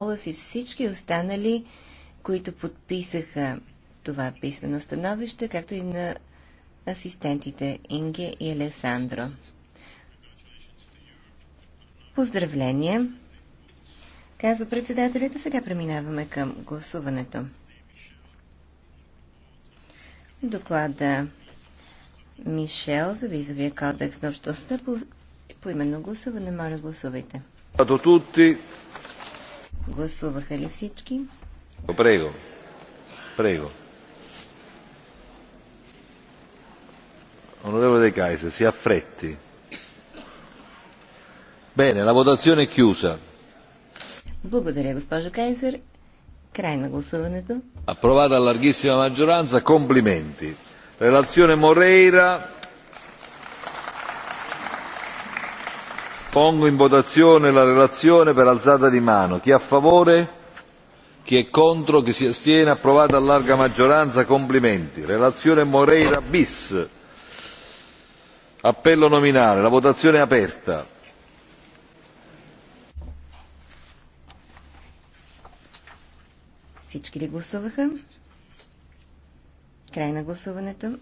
Олас и всички останали, които подписаха това писмено становище, както и на асистентите Инге и Алесандро. Поздравления! Казва председателите, сега преминаваме към гласуването. Доклада Мишел за визовия кодекс на общността по, по именно гласуване. Моля, гласувайте. Гласуваха ли всички? Прего. Прего. Onorevole De Kaiser, si affretti. Bene, la votazione è chiusa. Благодаря, госпожо Кайзер. Край на гласуването. Approvata a larghissima maggioranza, complimenti. Relazione Moreira, Pongo in votazione la relazione per alzata di mano. Chi è a favore? Chi è contro? Chi si astiene? Approvata a larga maggioranza. Complimenti. Relazione Moreira bis. Appello nominale. La votazione è aperta. Всички ли гласуваха? Край на гласуването.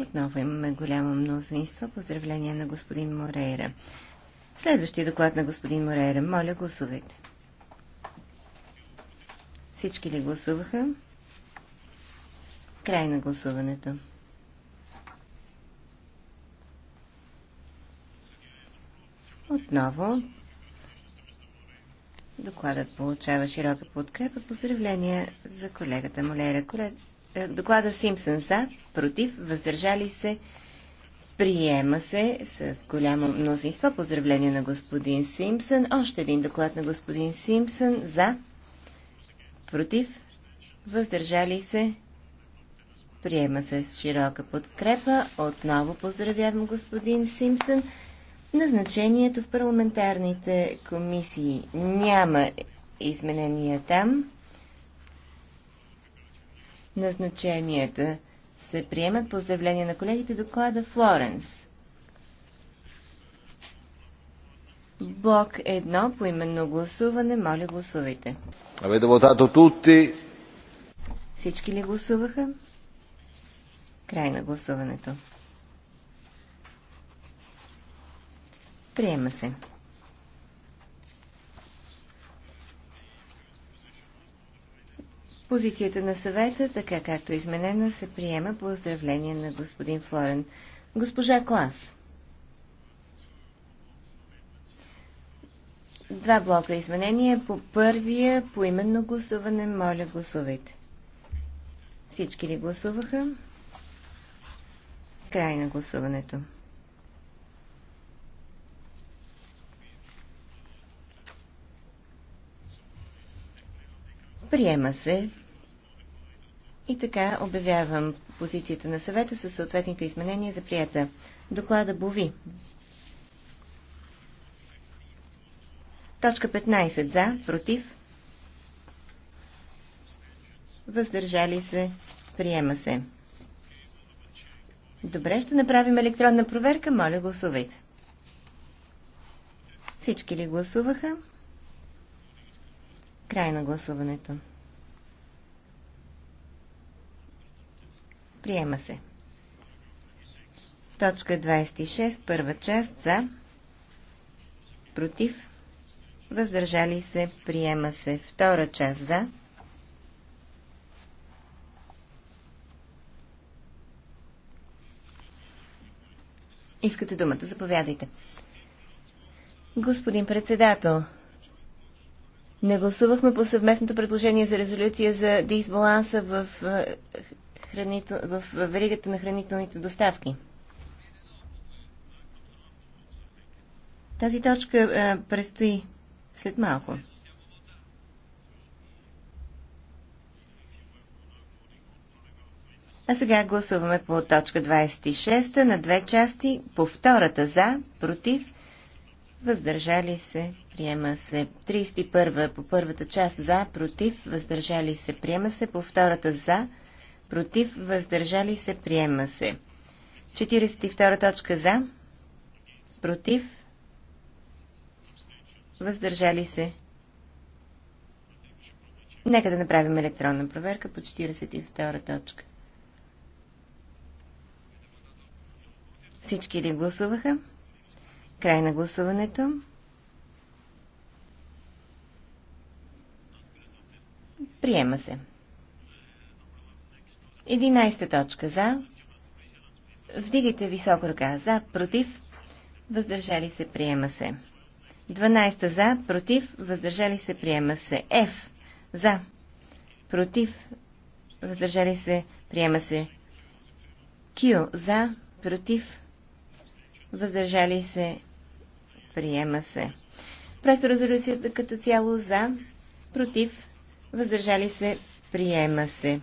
Отново имаме голямо мнозинство. Поздравление на господин Морейра. Следващия доклад на господин Морейра. Моля, гласувайте. Всички ли гласуваха? Край на гласуването. Отново докладът получава широка подкрепа. Поздравления за колегата Молера. Е, доклада Симпсън за, против, въздържали се, приема се с голямо мнозинство. Поздравление на господин Симпсън. Още един доклад на господин Симпсън за, против, въздържали се, приема се с широка подкрепа. Отново поздравявам господин Симпсън. Назначението в парламентарните комисии няма изменения там назначенията се приемат. заявление на колегите. Доклада Флоренс. Блок 1 по именно гласуване. Моля гласувайте. Всички ли гласуваха? Край на гласуването. Приема се. Позицията на съвета, така както е изменена, се приема по оздравление на господин Флорен. Госпожа Клас. Два блока изменения. По първия, по именно гласуване, моля гласувайте. Всички ли гласуваха? Край на гласуването. Приема се и така обявявам позицията на съвета със съответните изменения за прията. Доклада Бови. Точка 15 за, против, въздържали се, приема се. Добре, ще направим електронна проверка. Моля, гласувайте. Всички ли гласуваха? Край на гласуването. Приема се. Точка 26, първа част за, против, въздържали се, приема се. Втора част за, Искате думата, заповядайте. Господин председател, не гласувахме по съвместното предложение за резолюция за дисбаланса в хранител... в веригата на хранителните доставки. Тази точка а, е, предстои след малко. А сега гласуваме по точка 26 на две части, по втората за, против, въздържали се, приема се. 31 по първата част за, против, въздържали се, приема се, по втората за, против, въздържали се, приема се. 42 точка за, против, въздържали се. Нека да направим електронна проверка по 42 точка. Всички ли гласуваха? Край на гласуването. Приема се. 11 точка за. Вдигайте високо ръка за, против, въздържали се, приема се. 12 за, против, въздържали се, приема се. F за, против, въздържали се, приема се. Q за, против, въздържали се, приема се. Проект резолюцията като цяло за, против, въздържали се, приема се.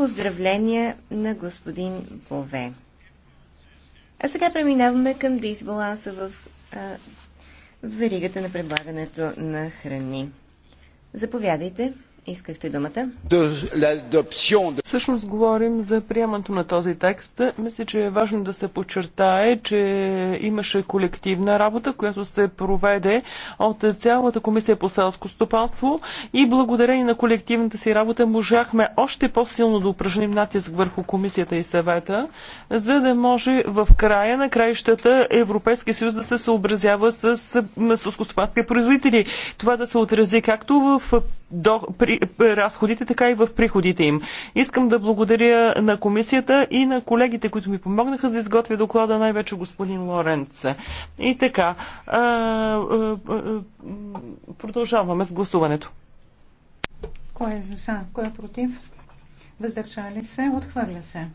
Поздравления на господин Бове. А сега преминаваме към дисбаланса в а, веригата на предлагането на храни. Заповядайте, искахте думата. Всъщност говорим за приемането на този текст. Мисля, че е важно да се подчертае, че имаше колективна работа, която се проведе от цялата комисия по селско стопанство и благодарение на колективната си работа можахме още по-силно да упражним натиск върху комисията и съвета, за да може в края на краищата Европейския съюз да се съобразява с селскостопанските производители. Това да се отрази както в до, при, разходите, така и в приходите им. Искам Искам да благодаря на комисията и на колегите, които ми помогнаха да изготвя доклада, най-вече господин Лоренц. И така, продължаваме с гласуването. Кой е за, кой е против? Въздържали се, отхвърля се.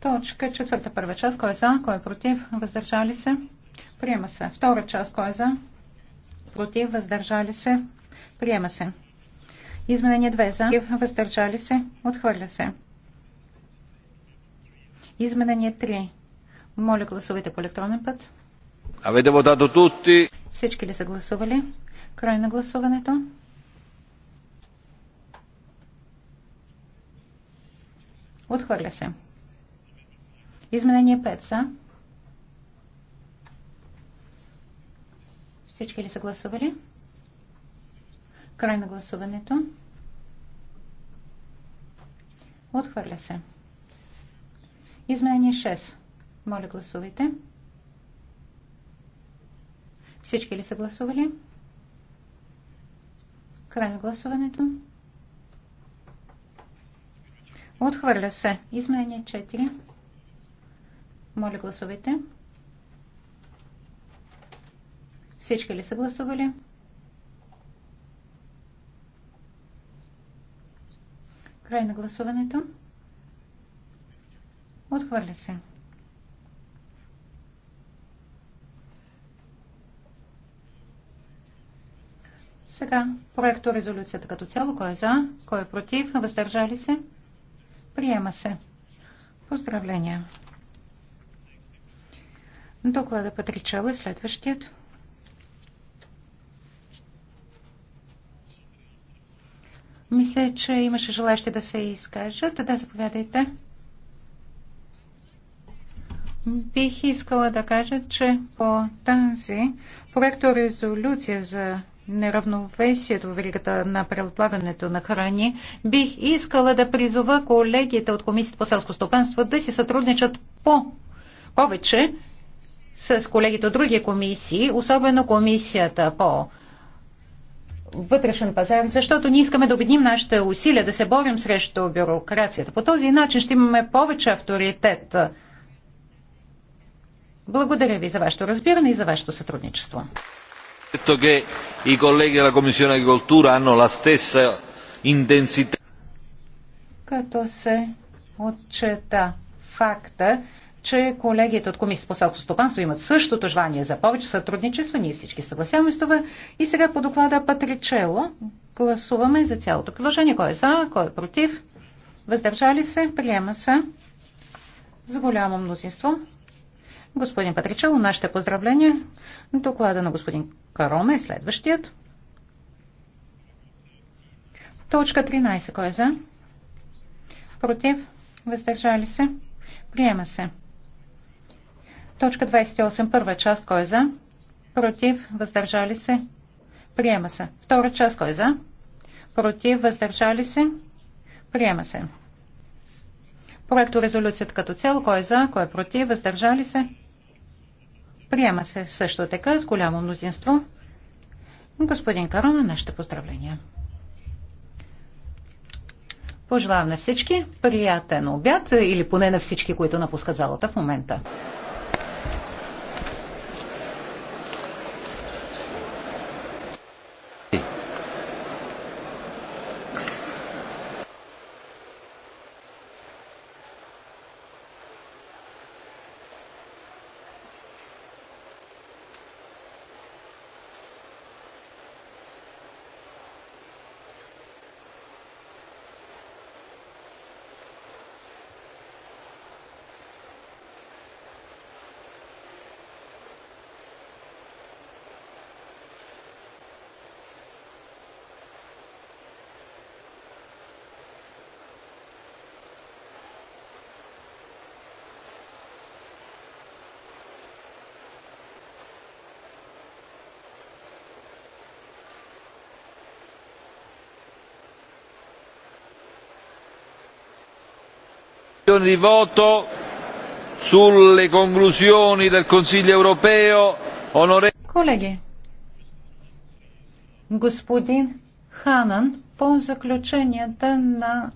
Точка четвърта първа част. Кой е за? Кой е против? Въздържали се? Приема се. Втора част. Кой е за? Против? Въздържали се? Приема се. Изменение 2 за. Въздържали се. Отхвърля се. Изменение 3. Моля гласувайте по електронен път. Avete votato тути. Всички ли са гласували? Край на гласуването. Отхвърля се. Изменение 5 За. Всички ли са гласували? Край на гласуването. Отхвърля се. Изменение 6. Моля гласувайте. Всички ли са гласували? Край на гласуването. Отхвърля се. Изменение 4. Моля гласувайте. Всички ли са гласували? Край на гласуването. Отхвърля се. Сега проекто резолюцията като цяло. Кой е за, кой е против, въздържали се. Приема се. Поздравления. Доклада Патричал е следващият. Мисля, че имаше желащи да се изкажат. Да, заповядайте. Бих искала да кажа, че по тази резолюция за неравновесието в веригата на предлагането на храни, бих искала да призова колегите от Комисията по селско стопанство да си сътрудничат по повече с колегите от други комисии, особено комисията по вътрешен пазар, защото ние искаме да обедним нашите усилия да се борим срещу бюрокрацията. По този начин ще имаме повече авторитет. Благодаря ви за вашето разбиране и за вашето сътрудничество. Като се отчета факта, че колегите от Комисията по селско стопанство имат същото желание за повече сътрудничество. Ние всички съгласяваме с това. И сега по доклада Патричело гласуваме за цялото предложение. Кой е за, кой е против? Въздържали се? Приема се. За голямо мнозинство. Господин Патричело, нашите поздравления. Доклада на господин Карона е следващият. Точка 13. Кой е за? Против? Въздържали се? Приема се. Точка 28. Първа част. Кой е за? Против. Въздържали се. Приема се. Втора част. Кой е за? Против. Въздържали се. Приема се. Проекто резолюцията като цел. Кой е за? Кой е против? Въздържали се. Приема се също така с голямо мнозинство. Господин Карона, нашите поздравления. Пожелавам на всички приятен обяд или поне на всички, които напускат залата в момента. dichiarazione di voto sulle conclusioni del Consiglio europeo. Colleghi, Колеги, господин Ханан по заключение на